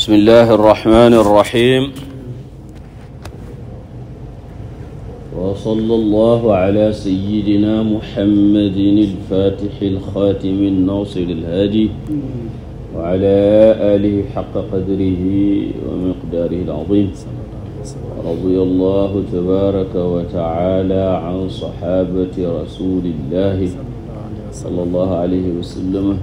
بسم الله الرحمن الرحيم وصلى الله على سيدنا محمد الفاتح الخاتم الناصر الهادي وعلى آله حق قدره ومقداره العظيم رضي الله تبارك وتعالى عن صحابة رسول الله صلى الله عليه وسلم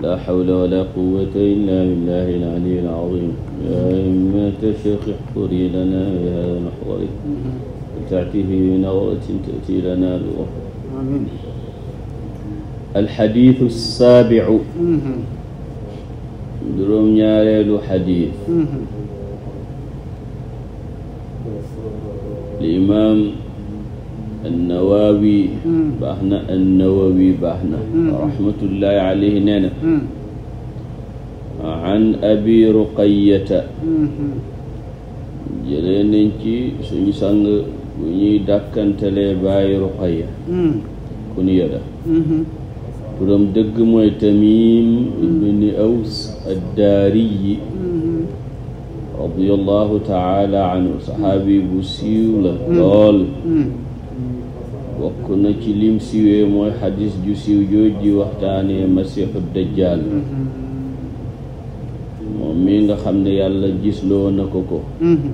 ولا حول ولا قوة إلا بالله العلي العظيم يا همة الشيخ احفري لنا بهذا المحضر وتعته بنظرة تأتي لنا بظهر الحديث السابع juróom ñaareelu xadiis li imaam annawawi baax na annawawi baax na rahmatullahi alayhi nee na an abi ruqayata jëlee nañ ci suñu sang bu ñuy dàkkantalee bàyyi ruqaya ku nu yada turam dëgg mooy tamim ibni aws addaariyi radiallahu taala anhu saxaabi bu siiw la lool bokk na ci lim siwee mooy xadis ju siw jooj waxtaanee masiixu dajjaal mm-hmm. moom mi nga xam ne yàlla gisloo na ko ko mm-hmm.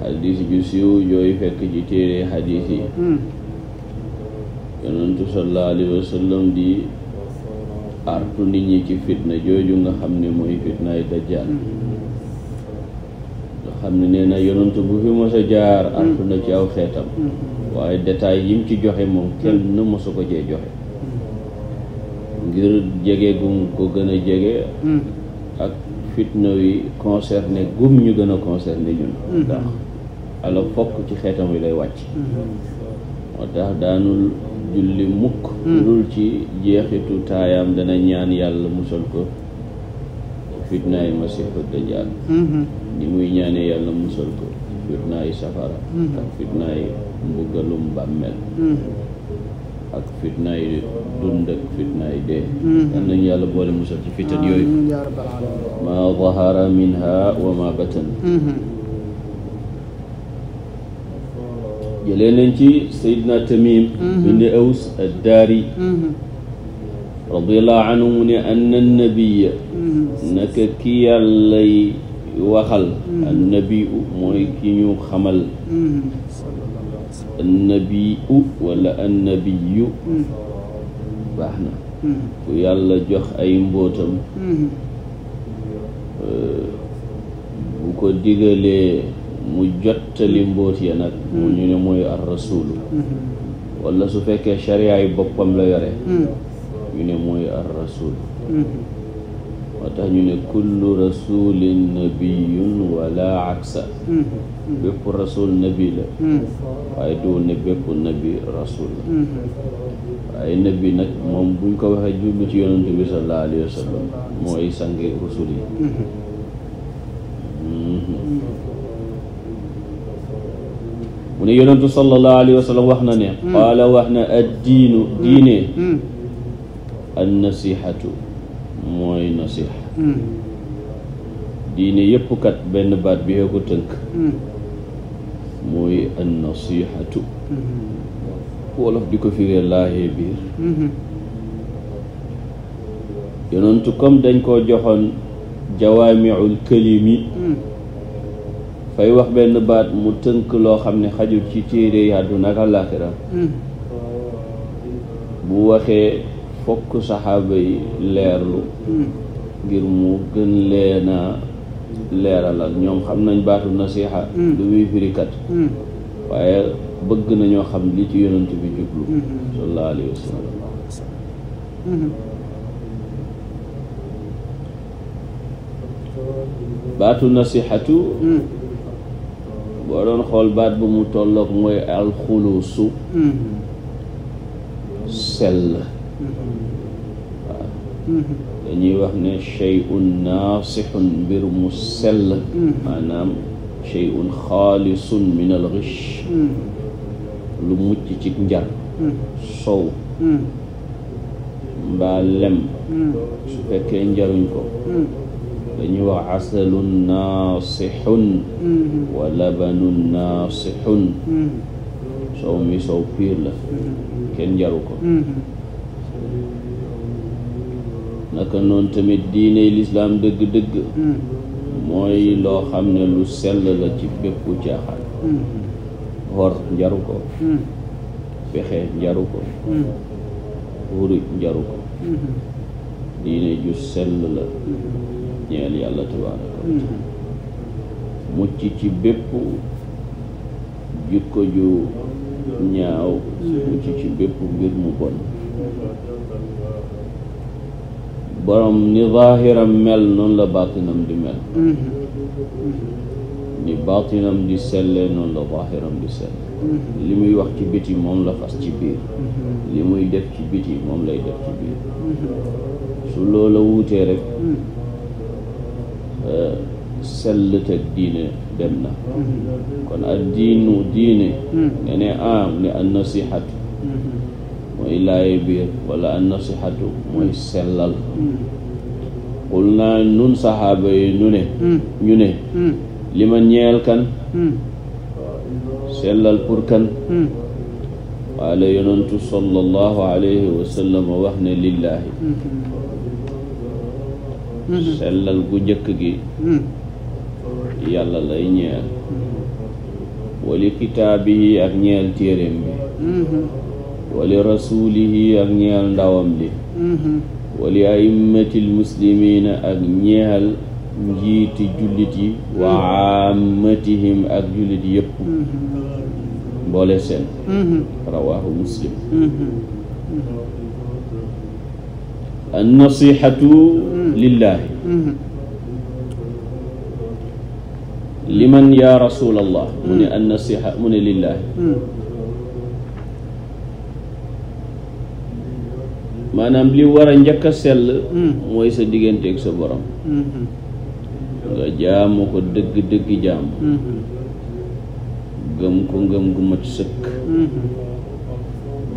xadis ju siiw jooy fekk ci téere xadis yi mm-hmm. yonentu sallallahu wa sallam di artu nit ñi ci fitna jooju nga xam ne mooy fitnaay dajjaal xam ne nee na yonantu bu fi mos a jaar mm-hmm. artu na ci aw xeetam mm-hmm. waaye détail yim ci joxe moom mm-hmm. kenn na mosu ko cee joxe ngir jege gum ko gën a jege ak fitna yi concerné gum ñu gën a concerné ñun ndax ala fokk ci xeetam yi lay wàcc moo tax daanul julli mukk dul ci jeexitu taayam dana ñaan yàlla musal ko fitnaay masiixu dajjaal ni muy ñaane yàlla musal ko fitnaay safara mm-hmm. ak fitnaay mbugalum bàmmeel mm-hmm. ak fitnaay dund fitnaay dee mm-hmm. yal nañu yàlla boole musal ci fitan yooyu ma zahara minha wa ma batan jëlee nañ ci Seydina Tamim bindi Aws ad-Daari radiallahu anhu mu ne anna nabiya mm-hmm. naka ki yàllay waxal mm-hmm. annabiu mooy ki ñu xamal mm-hmm. annabiu wala annabiyu baax na ku yàlla jox ay mbóotam euh, bu ko digalee mu jottali mbóot ya nag mu ñu ne mooy ar rasulu wala su fekkee shariya yi boppam la yore ñu ne mooy ar rasul mm-hmm. moo tax ñu ne kullu rasulin nabiyun wala aksa mm-hmm. bépp rasul nabi la mm-hmm. waaye doo ne bépp nabi rasul la waaye nabi nag moom buñ ko waxee jublu ci yonent bi sallallahu alayhi wa sallam mooy sange rasul yi mu ne yonentu sallallahu alayhi wa wax na ne qaala wax na ad diinu an nasihatu mooy nasiha hmm. diine yëpp kat benn baat bi ko tënk hmm. mooy an nasihatu hmm. wolof di ko firee laahee biir yonentu comme dañ koo joxoon jawaamiul kalimi fay wax benn baat mu tënk loo xam ne xajul ci téere yi àdduna ak bu waxee fokk saxaaba yi leerlu ngir mu gën leena leeralal ñoom xam nañ baatu nasiixa mm. lu muy firikat mm. waaye bëgg nañoo xam li ci yonent bi jublu mm-hmm. sallallahu alayhi mm-hmm. baatu nasihatu mm. boo doon xool baat bu mu tolloog mooy alxuluusu mm-hmm. sell waaw mm-hmm. dañuy wax ne cheyun naasixun mbir mu sell mm-hmm. maanaam cheyun xaalisun min al xish mm-hmm. lu mucc ci njar sow mbaa lem su fekkee njaruñ ko dañuy wax asalun naasixun wa labanun naasixun sow mi soow piir la kenn njaru ko naka noon tamit diiney lislaam dëgg-dëgg hmm. mooy loo xam ne lu sell la ci bépp caaxaan xor hmm. njaru ko fexe hmm. njaru ko wuri njaru ko diine ju sell la ñeel yàlla tabaaraka wa mucc ci bépp jikko ju ñaaw mucc ci bépp mbir mu bon borom ni zaahiram mel noonu la baatinam di mel mm-hmm. ni baatinam di selle noonu la zaahiram di selle mm-hmm. li muy wax ci biti moom la fas ci biir mm-hmm. li muy def ci biti moom lay def ci biir su loola wuutee rek mm. euh, sellut ak diine dem na kon ak diinu diine mm. nga ne aam ah, ne an nasihatu mooy laaye biir wala an nasihatu mooy hmm. sellal xul hmm. naa nun saxaaba yi nu ne hmm. ñu ne li ma ñeel kan sellal pour kan qaala yonantu sallallahu alayhi wa sallam wax ne lillaahi sellal gu njëkk gi yàlla lay ñeel wali kitaabihi ak ñeel téeréem bi wali rasulihi ak ñeexal ndawam li mm-hmm. wali aimmatil muslimina ak ñeexal njiiti jullit yi wa ammatihim ak jullit yépp mm-hmm. mboole seen mm-hmm. rawahu muslim an nasihatu lillahi liman ya rasulallah mu ne mm. an nasiha mu ne lillahi mm. maanaam li war a njëkk a sell hmm. mooy sa digganteeg sa borom hmm. nga jaamu ko dëgg-dëgg jaam hmm. gëm ko ngëm gu mat sëkk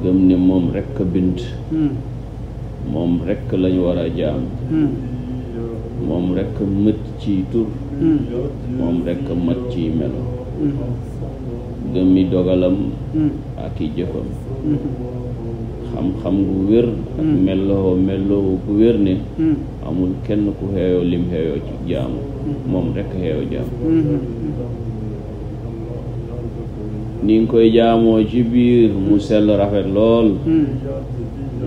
gëm ne moom rekk a bind moom rekk lañ war a jaam moom rekk a mët ci tur moom rekk a mat ci melo gëmmi dogalam ak i jëfam xam-xam gu wér ak hmm. melloo melloo gu wér ni hmm. amul kenn ku xeeyoo lim xeeyoo ci jaamu hmm. moom rekk xeeyoo jaamu ni koy jaamoo ci biir mu sell rafet lool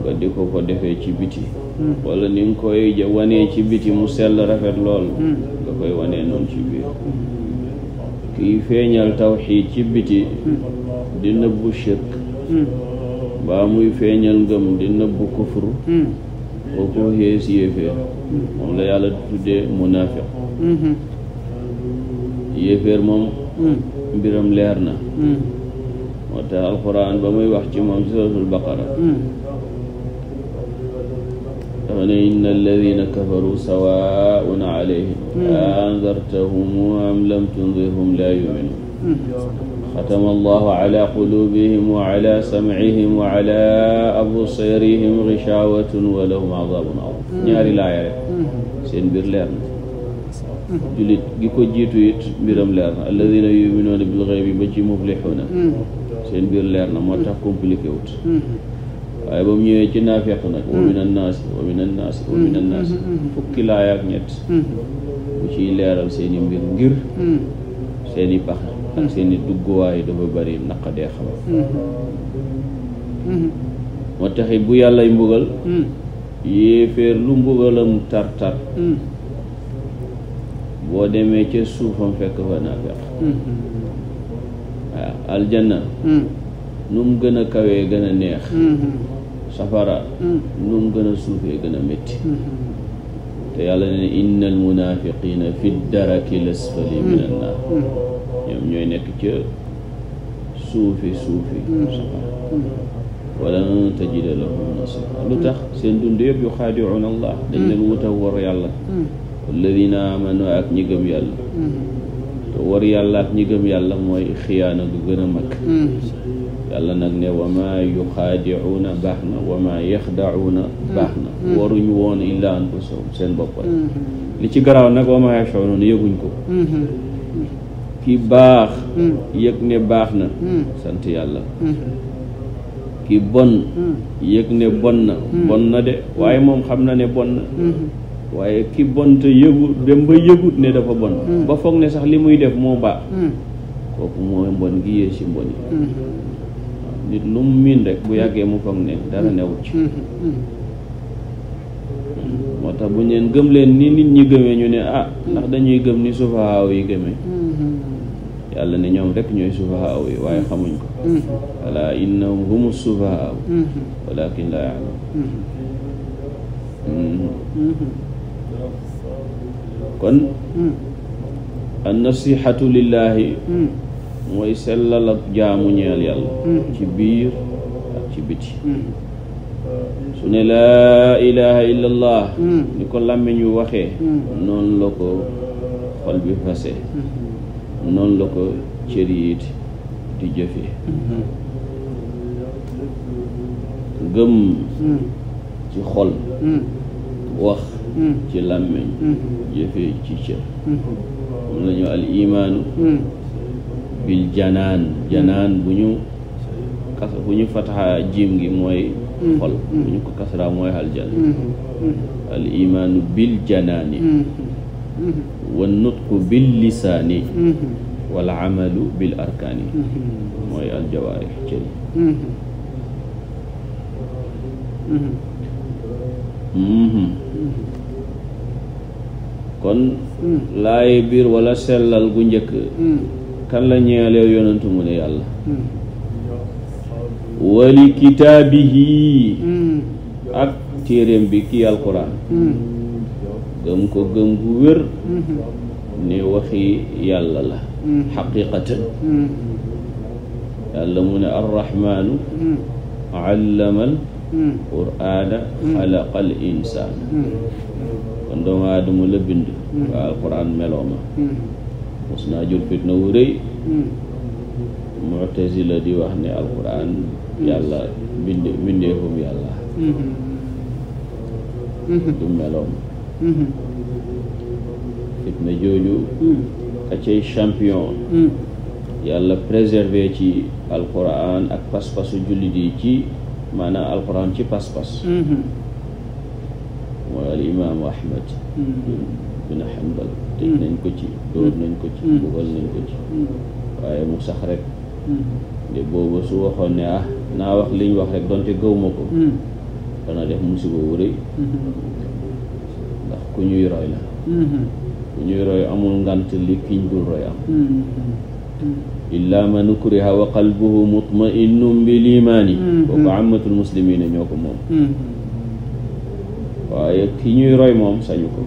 nga di ko ko defee ci biti walla ni nga koy wanee ci biti mu sell rafet lool nga koy wanee noonu ci biir kiy feeñal tawxiid ci biti di nëbbu shirk mbaa muy feeñal ngëm di nëbbu kufru hmm. kooku xees yéeféer moom la yàlla tuddee munaafiq hmm. yéeféer moom hmm. mbiram leer na moo tax alxuraan ba muy wax ci moom suratul baqara dafa ne inna alladina kafaru sawaun alayhim a anzartahum am lam tundirhum la yuminun xatama allahu ala qulubihim wa ala samcihim wa ala absarihim gishawatun wa lahum adabun adim ñaari laaya rek seen mbir leer na jullit gi ko jiitu it mbiram leer na alladina yuminuuna bil xaybi ba ci muflixuuna seen mbir leer na moo tax compliqué wut waaye ba mu ñëwee ci naafeq nag wa min annaasi wa min annaasi wa min annaasi fukki laaya ak ñett bu ciy leeral seen i mbir ngir seen i pax ak seen i dugguwaay dafa bari naqadee xabar mm-hmm. moo taxit bu yàllay mbugal mm-hmm. yéeféer lu mbugalam tar tar mm-hmm. boo demee ca suufam fekk fa naafeq waaw aljanna nu mu gën a kawee gën a neex safara nu mu gën a suufee gën a metti te yàlla ne inna al munafiqina fi daraki l asfali min an naar ñoom ñooy nekk ca suufi suufi safa walan tajida lahum nasira lu tax seen dund yëpp yu xaadicuuna allah dañ leen wuta war yàlla alladina amanu ak ñi gëm yàlla te war yàlla ak ñi gëm yàlla mooy xiyaana gu gën a mag yàlla nag ne yu maa yuxaadicuuna baax na wa maa yaxdacuuna baax na waruñu woon illaa anfusahum seen bopp li ci garaaw nag wa maa yashcuruun yëguñ ko ki baax hmm. yëg ne baax na hmm. sant yàlla hmm. ki bon yëg ne bon na bon na de waaye moom xam na ne bon na waaye ki bon te yëgu dem ba yëgut ne dafa bon ba foog ne sax li muy def moo baax kooku mooy bon gi yées ci bon yi nit lu mu miin rek bu yàggee mu foog ne dara newut ci moo tax bu ñu leen gëm leen ni nit ñi gëme ñu ne ah ndax dañuy gëm ni sufahaaw yi gëmee yàlla ne ñoom rek ñooy sufahaaw yi waaye mm-hmm. xamuñ ko mm-hmm. ala innahum humu sufahaaw mm-hmm. walakin la yaalamun kon an nasihatu lillahi mooy sellal ak jaamu ñeel yàlla ci biir ak ne laa ilaha illa allah ni ko làmmiñ yu waxee noonu la bi fase noonu la ko cër yi di jëfe gëm ci xol wax ci làmmiñ jëfee ci cër moom la ñu al imaanu bil janaan janaan bu ñu kas bu ñu fataxaa jiim gi mooy xol bu ñu ko kasraa mooy mm-hmm. al janaan al imaanu bil janaani wa nutqu bil lisaani mhm. wal amalu bil arkaani mhm. mooy aljawaarix cëri mhm. kon laay biir wala sellal gu njëkk kan la ñeeleew yonantu mu ne yàlla wali kitaabihi ak téeréem bi kii alquran gëm ko gëm gu wér mm-hmm. ni waxi yàlla la mm-hmm. xaqiqatan mm-hmm. yàlla mu ne arrahmaanu allamal quraana xalaqal insaan kon doomu aadama la bind waa alquran meloo ma mos naa jur fitna wu rëy mutazila di wax ne alquran yàlla binde bindeefum yàlla du meloom Mm-hmm. na jooju mm. ka cay champion mm. yàlla préserver ci alquran ak pas-pasu jullit yi ci maanaam alquran ci pas-pas mm-hmm. mooy al imaamu ahmad mm-hmm. bin hanbal tëj mm. nañ ko ci dóor nañ ko ci bugal nañ ko ci waaye mu sax rek de booba su waxoon ne ah naa wax liñ wax rek donte gëw ma ko dana def musiba wu ku ñuy roy la mm-hmm. ku ñuy roy amul ngant li kiñ dul roy am mm-hmm. illa man ukriha wa qalbuhu mutma'innun bil imaani kooku mm-hmm. ammatul muslimina ñoo ko moom waaye ki ñuy roy moom sañu ko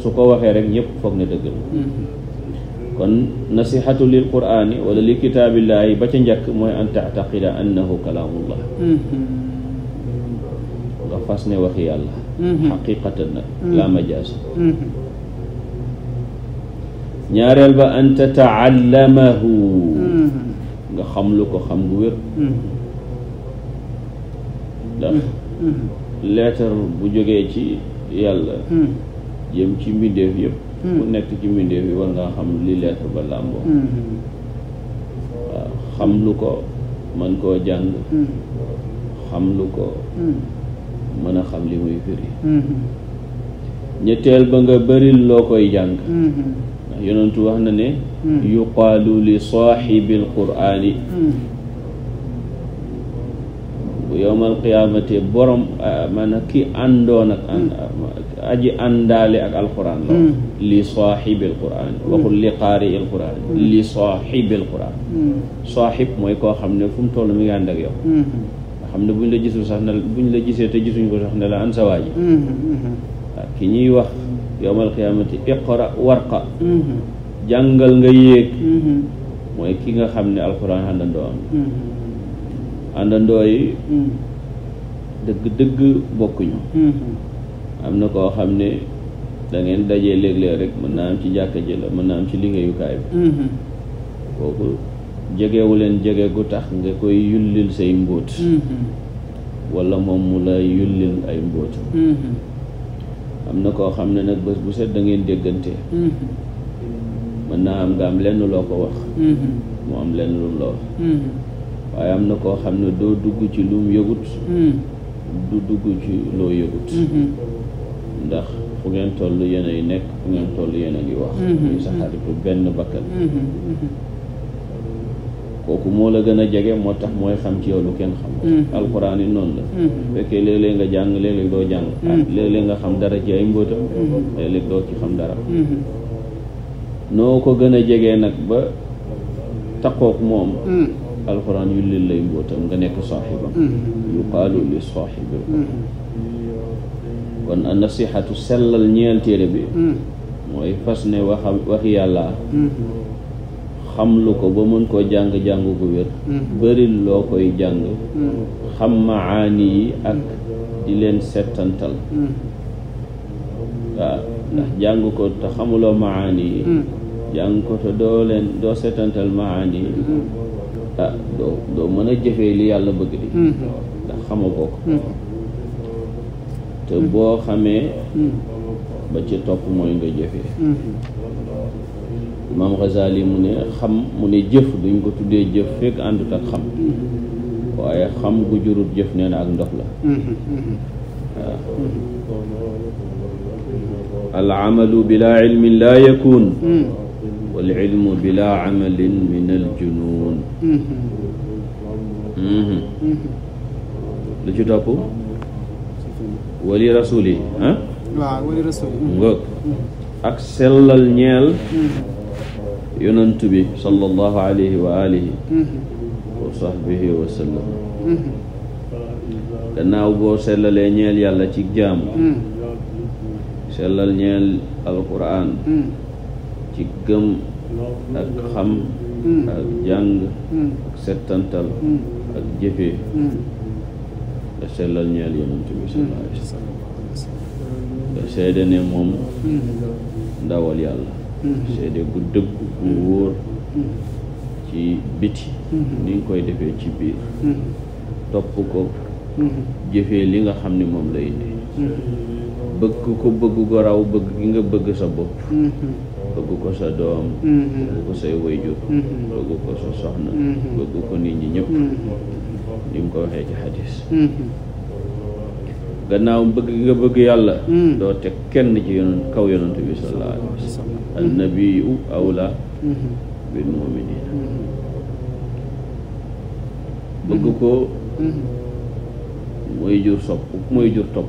su ko waxee rek ñépp foog na dëgg la kon nasihatu lil qur'ani wala li kitaabillahi ba ca njëkk mooy an taataqida annahu kalaamullah nga fas ne waxi yàlla xaqiqatan mm-hmm. nag mm-hmm. la majaas mm-hmm. ñaareel ba an tataallamahu nga xam lu ko xam gu wér ndax leetar bu jógee ci yàlla jëm ci mbindeef yëpp ku nekk ci mbindeef yi war nga xam li leetar ba làmboo xam lu ko mën koo jàng xam lu ko mën a xam li muy firi mm-hmm. ñetteel ba nga bari loo koy jàng mm-hmm. ndax yonentu wax na ne mm-hmm. ah, ki àndoon ak aji àndaale ak alquran la li saaxibil quraan waxul li qaari il quraan li saaxibil quraan saaxib mooy koo xam ne fu mu toll mi ànd ak yow xam ne buñ la gisul sax ne buñ la gisee te gisuñ ko sax ne la an sa waa mm-hmm. ki ñuy wax yowmal qiyaamati iqra warqa mm-hmm. jàngal nga yéeg mm-hmm. mooy nga xam ne alxuraan àndandoo am na koo xam ne da ngeen dajee léeg-léeg rek mën naa am ci jàkka ji mën naa am ci liggéeyukaay bi kooku jegewu leen jege gu tax nga koy yullil say mbóot mm-hmm. wala moom mu la yullil ay mbóot mm-hmm. am na koo xam ne nag bés bu set da ngeen déggante mm-hmm. mën naa am nga am lenn loo ko wax mu am lenn lu mu la waaye am na koo xam ne doo dugg ci lum yëgut du dugg ci loo yëgut ndax fu ngeen toll yéen ay nekk fu ngeen toll yéen a wax muy sa xaritu benn bakkan kooku moo la gën a jege moo tax mooy xam ci yow lu kenn xam mm. alxuraan yi noonu la mm. fekkee léeg nga jàng léeg-léeg doo jàng mm. ah, léeg-léeg nga xam dara ci ay mbóotam mm-hmm. léeg doo ci xam dara mm-hmm. noo ko gën a jege nag ba taqook moom alxuraan yu lil lay mbóotam nga nekk saaxibam mm-hmm. yuqaalu li saaxibi kon a nasihatu sellal ñeel téere bi mooy fas ne waxa waxi yàlla xam lu ko ba mën koo jàng-jàng gu wér mm-hmm. loo koy jàng mm-hmm. xam maani yi ak di leen settantal mm-hmm. waaw ndax jàng ko te xamuloo maani yi jàng ko te doo leen doo settantal maani yi ah doo doo mën a jëfe li yàlla bëgg di ndax xamagoo ko te boo xamee ba ci topp mooy nga jëfee imaam Ghazali mu ne xam mu ne jëf duñ ko tuddee jëf fekk àndut ak xam xam gu jurut jëf nee na ak ndox la waaw al amalu bila ilmin laa yakun wal ilmu bila amalin min al junun mhm. lu ci topp wali rasuli ah waaw wali yonent bi sallallahu alayhi wa alihi mm-hmm. wa sahbihi wa sallam mm-hmm. gannaaw boo sellalee ñeel yàlla ci jaamu mm-hmm. sellal ñeel alquran ci gëm ak xam ak jàng ak settantal ak jëfe nga sellal ñeel yonent bi sallallahu alayhi wa sallam nga seede ne moom ndawal yàlla de gu dëggu gu wóor ci biti mm-hmm. ni nga koy defee ci biir mm-hmm. topp ko mm-hmm. jëfee li nga xam ni moom lay indi bëgg ko bëgg ko bëgg gi nga bëgg sa bopp bëgg ko sa doom bëgg ko say wayjur bëgg ko sa soxna bëgg ko nit ñi ñëpp ni mu ko waxee ci xadis gannaaw bëgg gi nga bëgg yàlla mm. doo teg kenn ci yonent kaw yonent bi sallallahu alayhi wa sallam mm-hmm. al nabiyu awla mm-hmm. bil muminina mm-hmm. bëgg ko mooy jur sopp mooy jur topp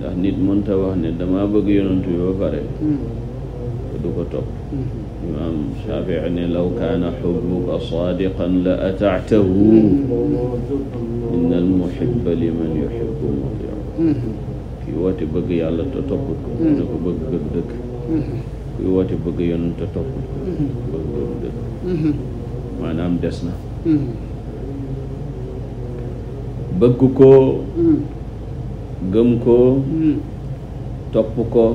ndax nit mënta wax ne dama bëgg yonent bi ba pare te du ko topp imaam Shafii ne law kaana xubbuka saadiqan la ataatahu inna al muhibba liman yuhibbu mutiu woote bëgg yàlla te toppul ko ne mm-hmm. ko bëgg bëgg dëgg mm-hmm. kuy woote bëgg yoon te toppul ko mm-hmm. bëgg bëgg dëgg maanaam des na bëgg ko gëm ko topp ko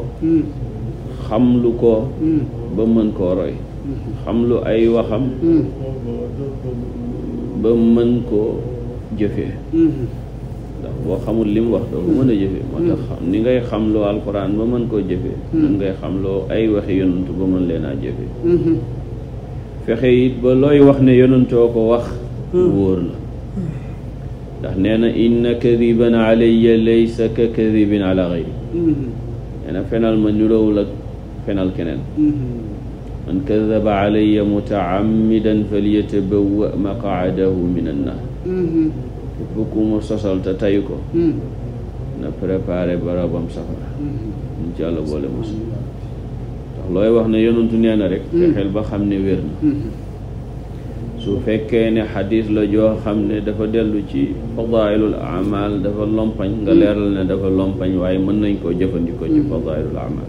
xam lu ko ba mën koo roy xam lu ay waxam ba mën koo jëfee ndax boo xamul li mu wax doo ko mën a jëfee moo tax xam hmm. ni ngay xam loo alquran ba mën koo jëfee hmm. nan ngay xam loo ay waxi yonent ba mën leen a jëfee hmm. fexe it ba looy wax ne yonentoo ko wax wóor la ndax nee na inna kadiban alayya laysa ka kadibin ala gayri nee na fenal ma nuróowul ak fenal keneen man kadaba alayya mutaammidan falyatabawwa maqaadahu min annaar bu ku mu sosal te tayu ko hmm. na préparé barabam safara ñu ci yàlla boole mos tax looy wax ne yonantu nee na rek hmm. fexeel ba xam ne wér na hmm. su fekkee ne xadis la joo xam ne dafa dellu ci fadailul amal dafa lompañ nga leeral ne dafa lompañ waaye mën nañ koo jëfandikoo ci fadailul amal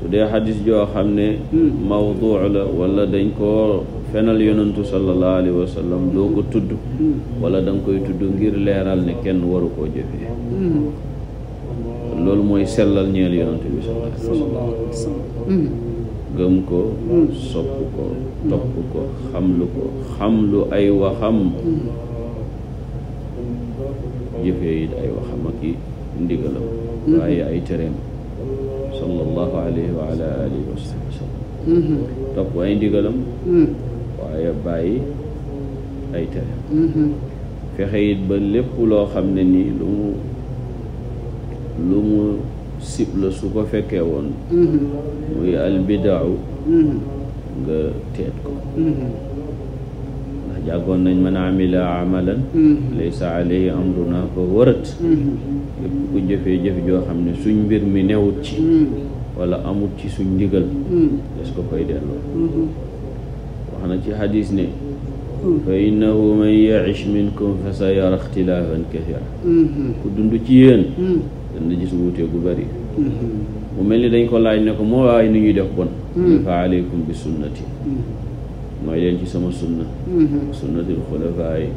su dee xadis joo xam ne mawduu la wala dañ koo fenal yonantu sallallahu alayhi wa sallam ko tudd wala da koy tudd ngir leeral ne kenn waru koo jëfee loolu mooy sellal ñeel yonantu bi sallallahu alayhi wa sallam gëm ko sopp ko topp ko ay waxam jëfee ak i ndigalam waaye ay tereem sallallahu alayhi wa topp ay ndigalam waaye bàyyi ay tere mm-hmm. fexe ba lépp loo xam ne nii lu mu lu mu sib la su ko fekkee woon mm-hmm. muy albidaaw mm-hmm. nga teet ko jàggoon nañ man amila amalan laysa alayhi amruna fa warat lépp ku jëfee jëf joo xam ne suñ mbir mi newut ci wala amut ci suñ ndigal des ko koy delloo wax na ci xadis ne hmm. fa innahu man ya'ish minkum fa sa yara ixtilaafan kasiira hmm. ku dund ci yéen hmm. dana gis wuute gu bëri mu mel ni dañ ko laaj ne ko moo waay ni ñuy def bon fa aleykum bi sunnati mooy leen ci sama sunna sunnatil xulafaa yi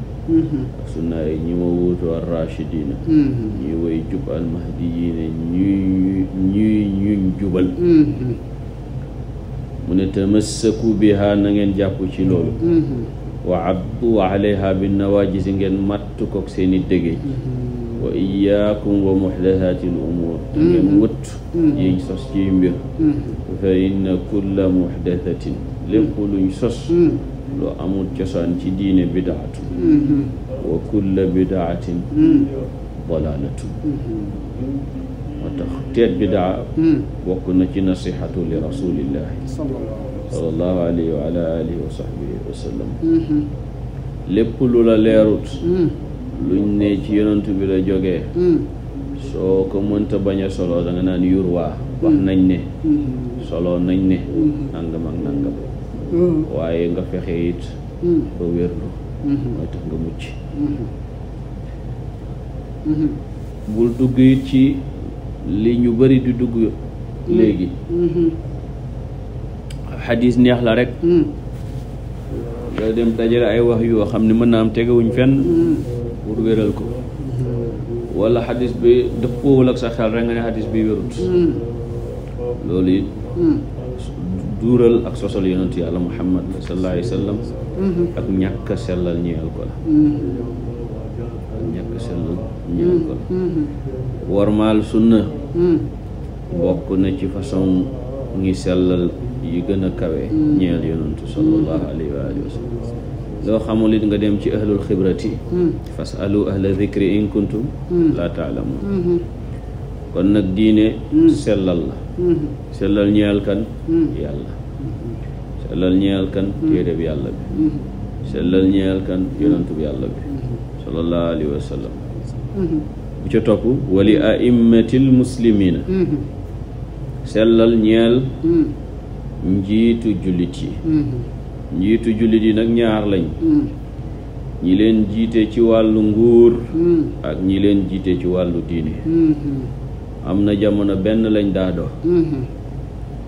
ak sunna yi ñi ma wuutu ar rachidina ñuy woy jub al mahdiyiina ñuy ñuy ñuñ jubal mu ne tamassaku bi na ngeen jàpp ci loolu mm-hmm. wa abdu alayha bi nawaajisi ngeen matt kook seeni dëggeej mm-hmm. wa iyaakum wa muxdasaati l umuur te ngeen mm-hmm. wëtt sos ciy mbir fa inna kulla muxdasatin lépp luñ sos lu amul cosaan ci diine bidaatu wa kulla bidaatin dalalatu teet bidaa hmm. bokk na ci nasihatu li rasulillahi sallallahu alayhi wa hmm. lu la leerut hmm. ne ci yonent bi la soo ko mënta baña solo danga naan yurwaa wax nañ ne solo nañ ne nangam ak nangam waaye nga fexe it ba wérlu mooy tax nga mucc bul dugg ci li ñu bari di dugg léegi xadis neex la rek mm-hmm. nga dem dajale ay wax yoo xam ne mën naa am tegewuñ fenn mm-hmm. pour wéral ko mm-hmm. walla xadis bi dëppoowul ak sa xel rek nga ne xadis bi wérut loolu it duural ak sosal yonentu yàlla muhammad sallallahu alayhi wa sallam ak ñàkk sellal ñeel ko la ñàkk sellal ñeel ko la wormaal sunna hmm. bokk na ci façon ngi sellal yu gën a kawe hmm. ñeel yonantu sallallahu hmm. alayhi wa loo xamul it nga dem ci ahlul xibrati fasalu ahla dikri in kuntum la taalamuun kon nag diine sellal la sellal ñeel kan yàlla sellal ñeel kan téereb yàlla bi sellal ñeel kan yonantu yàlla bi sallallahu alayhi wa bu ca topp wali aimmatil muslimina mm-hmm. sellal ñeel mm-hmm. njiitu jullit yi mm-hmm. njiitu jullit yi nag ñaar lañ ñi leen jiite ci wàllu nguur ak ñi leen jiite ci wàllu diine am na jamono benn lañ daa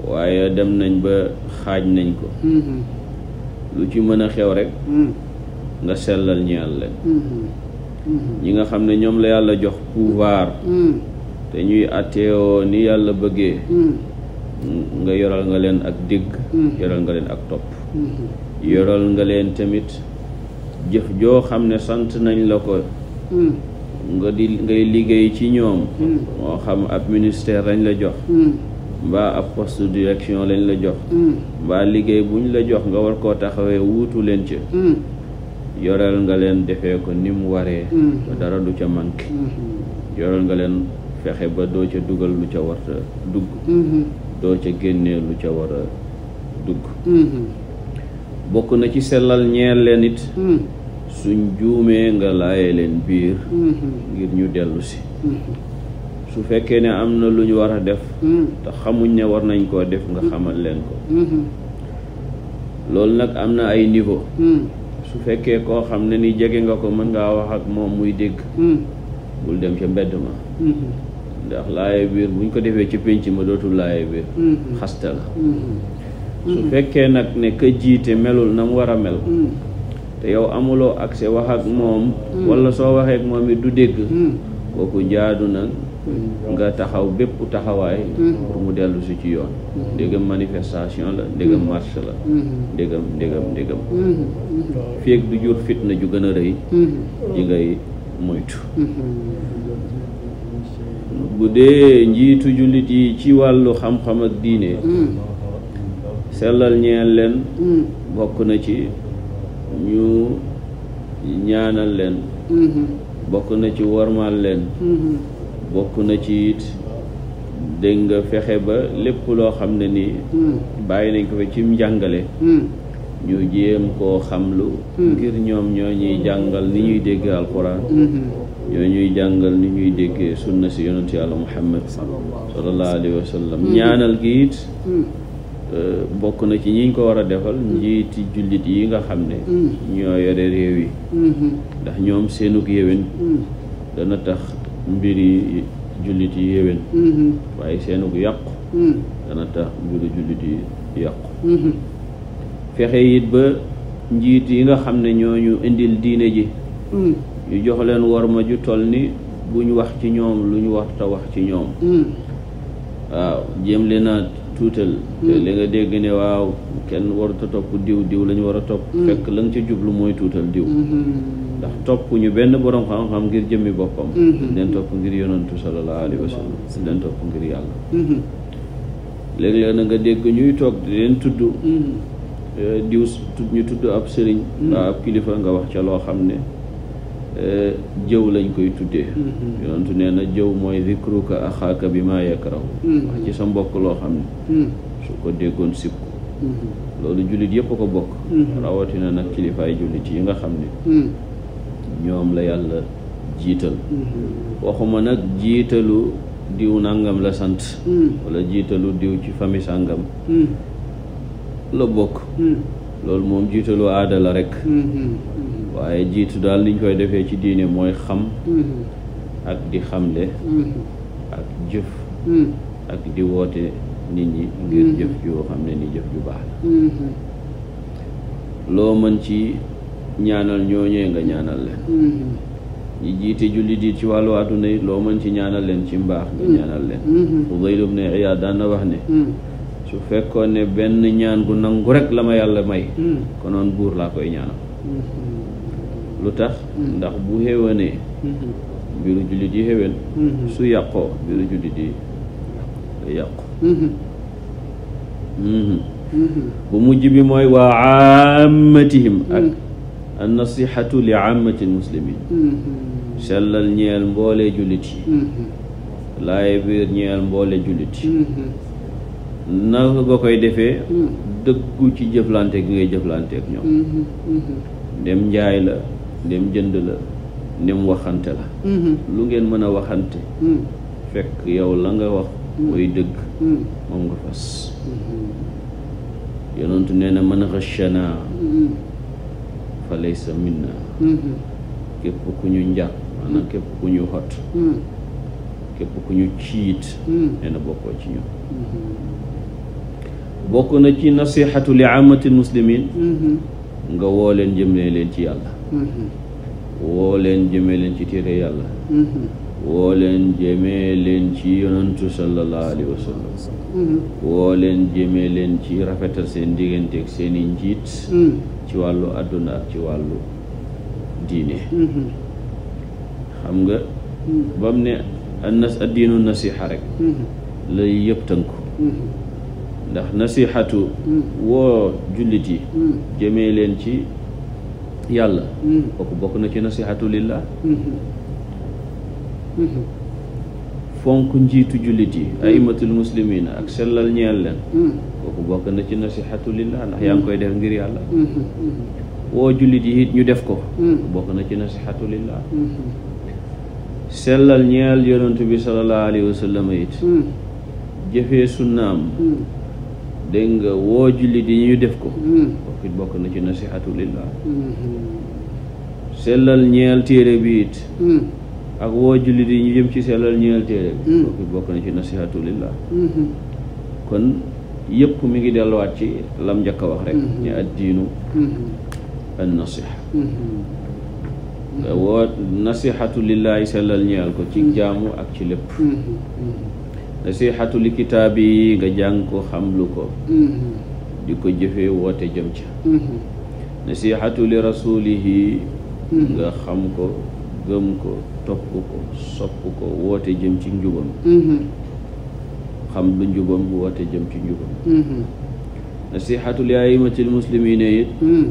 waaye dem nañ ba xaaj nañ ko lu ci mën a xew rek nga sellal ñeel leen Mm-hmm. ñi nga xam ne ñoom la yàlla jox pouvoir mm-hmm. te ñuy àtteewoo ni yàlla bëggee mm-hmm. nga yoral nga leen ak digg yoral nga leen ak topp yoral nga leen tamit jëf joo xam ne sant nañ la ko nga di ngay liggéey ci ñoom moo xam ab ministère lañ la jox mbaa ab poste direction lañ la jox mbaa liggéey buñ la jox nga war koo taxawee wuutu leen ci yoral nga leen defe ko ni mu waree mm-hmm. dara du ca manqué mm-hmm. yoral nga leen fexe ba doo ca dugal lu ca war dugg mm-hmm. doo ca génnee lu ca war dugg bokk na ci sellal ñeel leen it suñ juumee nga laaye leen biir ngir ñu dellusi su fekkee ne am na luñ ñu war a def te xamuñ ne war nañ koo def nga xamal leen ko loolu nag am na ay niveau su fekkee koo xam ne ni jege nga ko mën ngaa wax ak moom muy dégg hmm. bul dem ca mbedd ma hmm. ndax laaye biir buñ ko defee ci pénc ma dootul laaye biir hmm. xaste la su fekkee nag ne ka jiite melul na mu war a mel te yow amuloo accès wax ak moom wala soo waxee ak moom it du dégg kooku jaadu na nga taxaw bépp taxawaay pour mu dellu ci yoon ndégam manifestation la ndégam marche la ndégam ndégam ndégam feeg du jur fitna ju gën a rëy ji ngay moytu bu dee njiitu jullit yi ci wàllu xam-xam ak diine sellal ñeel leen bokk na ci ñu ñaanal leen bokk na ci wormaal leen bokk na ci it dégg nga fexe ba lépp loo xam ne ni hmm. bàyyi nañ ko fa ci njàngale hmm. ñu jéem koo xamlu hmm. ngir ñoom ñoo ñuy jàngal ni ñuy déggee alquran ñoo ñuy jàngal ni ñuy déggee sunna si yonent yàlla muhammad sallallahu alayhi wa sallam ñaanal gi it euh, bokk na ci ñiñ ko war a defal njiiti jullit yi nga xam ne ñoo yore réew yi ndax ñoom seenug yéwén dana tax mbir yi jullit yi yéwén mm-hmm. waaye seenug yàqu mm. dana mbiru jullit yi yàqu mm-hmm. fexe yit ba njiit yi nga xam ne ñooñu indil diine ji mm. ñu joxleen leen worma ju toll ni buñ wax ci ñoom lu ñu warta wax ci ñoom mm. waaw jéem leen a tuutal te li nga dégg ne waaw kenn warut a topp diw diw lañu war a topp fekk la nga ci jublu mooy tuutal diw mm-hmm. ndax topp ñu benn borom xam-xam ngir jëmmi boppam mm-hmm. dañ leen topp ngir yonantu sallallahu alayhi wa sallam mm-hmm. leen topp ngir yàlla mm-hmm. léeg-léeg nga dégg ñuy toog di leen tudd eh, diw ñu tudd ab sëriñ waa ab kilifa nga wax ca loo xam ne eh, jëw lañ koy tuddee yonantu nee na jëw mooy zikruka axaaka bi maa yakrahu wax ci sa mbokk loo xam ne su ko déggoon sib ko loolu jullit yëpp ko bokk rawatina nag kilifaay jullit yi nga xam ne ñoom la yàlla jiital mm-hmm. waxuma nag jiitalu diw nangam la sant mm. wala jiitalu diw ci famille sàngam mm. la bokk mm. loolu moom jiitalu aadala rekk mm-hmm. mm-hmm. waaye jiitu daal niñ koy defee ci diine mooy xam ak di xamle ak jëf ak di woote nit ñi ngir jëf joo xam ne ni jëf ju baax la loo mën ci ñaanal ñooñee nga ñaanal leen mm-hmm. ñi jiite jullit yi ci wàllu àdduna yi loo mën ci ñaanal leen ci mbaax nga mm-hmm. ñaanal leen mm-hmm. Fudayl ibn Iyaad daan na wax ne su fekkoon ne benn ñaan gu nangu rek la ma yàlla may konoon buur laa koy ñaanal lu tax ndax bu xéwanee mbiru jullit yi xéwén su yàqoo mbiru jullit yi yàqu bu mujj bi mooy waa amatihim ak annasihatu li ammatil muslimin sellal ñeel mboole jullit yi mm-hmm. laaye biir ñeel mboole jullit yi mm-hmm. naka nga koy defee mm. dëggu ci jëflante gi ngay jëflante ak ñoom njaay mm-hmm. la dem jënd la ndem waxante la lu ngeen mën a waxante mm. fekk yow la nga wax mm. mooy dëgg moom nga fas yonentu nee na man xëccana fa laysa minna mhm. képp ku ñu njàpp maanaam mhm. képp ku ñu xot mhm. képp ku ñu ciit nee na bokkoo ci ñun bokk na ci nasihatu li amatil muslimin nga woo leen jëmee leen ci yàlla woo leen jëmee leen ci téere yàlla woo leen jëmee leen ci yonantu sallallahu alayhi wa sallam mm-hmm. woo leen jëmee leen ci rafetal seen diggante ak seen njiit mm-hmm. ci wàllu àdduna ci wàllu diine mm-hmm. xam nga bam ne a addiinu nasiha rek lay yëpp tënku ndax nasihatu woo jullit yi jëmee leen ci yàlla kooku bokk na ci nasihatu lillah Mhm. fonk njiitu jullit yi mhm. aimatul muslimina ak sellal ñeel leen mhm. kooku bokk na ci nasihatu lillah ndax yaa ngi koy def ngir yàlla woo jullit yi ñu def ko bokk na ci nasihatu ñeel yonentu bi sallallahu jëfee sunnaam dégg nga woo jullit yi ñu def ko bokk na ci nasihatu lillah sellal ñeel téere bi it ak woo jullit yi ñu jëm ci sellal ñeel téere bi mm. kooku bokk na ci nasihatu lillah mm-hmm. kon yëpp mu ngi delluwaat ci lam njëkk a wax rek ñu mm-hmm. addiinu mm-hmm. an nasiha woo nasihatu lillahi sellal ñeel ko ci jaamu ak ci lépp nasihatu li kitaab yi nga jàng ko xam lu ko di ko jëfee woote jëm ca nasihatu li rasulihi nga xam ko gëm ko topp ko sopp ko woote jëm ci njubam mhm. xam lu njubam woote jëm ci njubam mhm. nasihatul yaayimatil muslimine it mhm.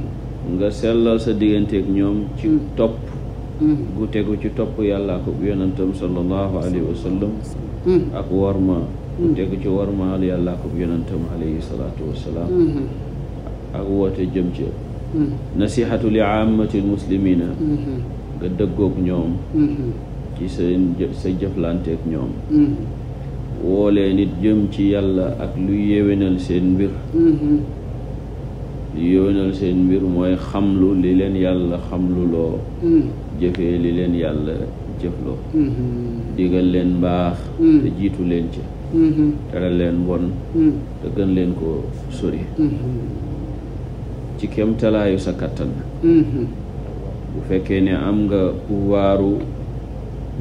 nga sellal sa digganteeg ñoom ci topp gu tegu ci topp yàlla ko yonentam sallallahu alayhi wa ak warma gu tegu ci warmaal yàlla ko yonentam alayhi salaatu wassalaam ak woote jëm ci nasihatu li ammatil nga dëggoog ñoom mm-hmm. ci sa sa jëflanteeg ñoom mm-hmm. woole nit jëm ci yàlla ak lu yéwénal seen mbir mm-hmm. lu seen mbir mooy xamlu li leen yàlla xamlu loo jëfee li leen yàlla jëfloo digal leen baax te jiitu leen ci tere leen bon te gën leen ko sori ci kem talaayu sa kattan bu fekkee ne am nga pouvoiru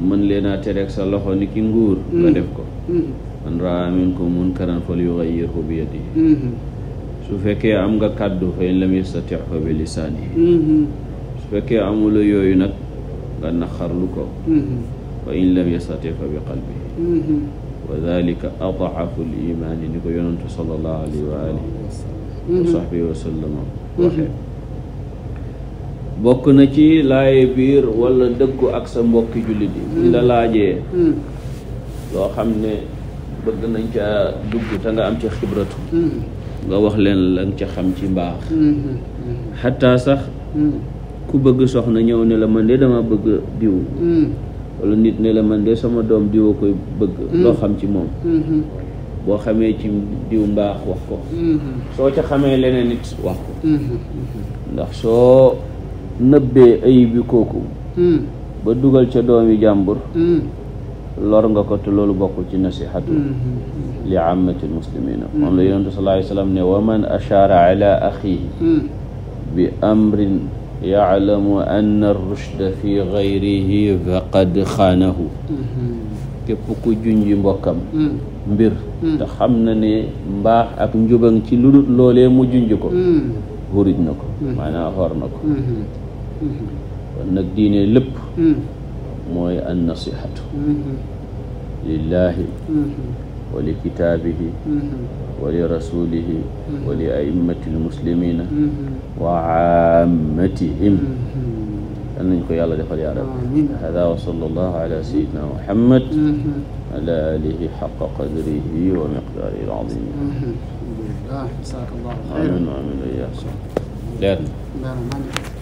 mën leen a tereg sa loxo ni ki nguur mm. def ko man mm. raa minkum munkaran falyughayyirhu bi yadihi mm-hmm. su fekkee am nga kàddu fa in lam yastati' fa bi lisaanihi mm-hmm. su fekkee amula yooyu nag nga naqarlu ko mm-hmm. fa in lam yastati' fa bi qalbihi wa dalika ad'afu l imaani ni ko yonantu sallallahu alayhi wa alihi wa sahbihi wa sallama waxee bokk na ci laaye biir walla dëkku ak sa mbokki jullit yi buñ la hmm. laajee hmm. loo xam ne bëgg nañ ca dugg te nga am ca xibratu hmm. nga wax leen lañ ca xam ci mbaax xataa sax ku bëgg soxna ñëw ne la man de dama bëgg diw wala nit ne la man de sama doom diw a koy bëgg loo xam ci moom boo xamee ci diw mbaax wax ko soo ca xamee leneen nit wax ko ndax soo nëbbee ayib bi kooku hmm. ba dugal ca doomi jàmbur hmm. lor nga ko te loolu bokkul ci nasihatu hmm, li ammati muslimina moom la yonente sallallahu alayhi wa sallam ne wa man ashaara ala axihi bi amrin yaalamu anna rushda fi gayrihi faqad xaanahu képp ku junji mbokkam mbir te xam na ne mbaax ak njubang ci lu dul loolee mu junj ko xuruj na ko maanaam xor na ko kon nag diine lépp hmm. mooy an nasihatu hmm. lillahi hmm. wa li kitaabihi wa li rasulihi wa li a'immati lmuslimina wa ammatihim yal nañ ko yàlla defal yaa rabbi hada wa sallallahu ala sayyidina muhammad ala alihi xaqa qadrihi wa miqdaarihi al-azim amin amin leer na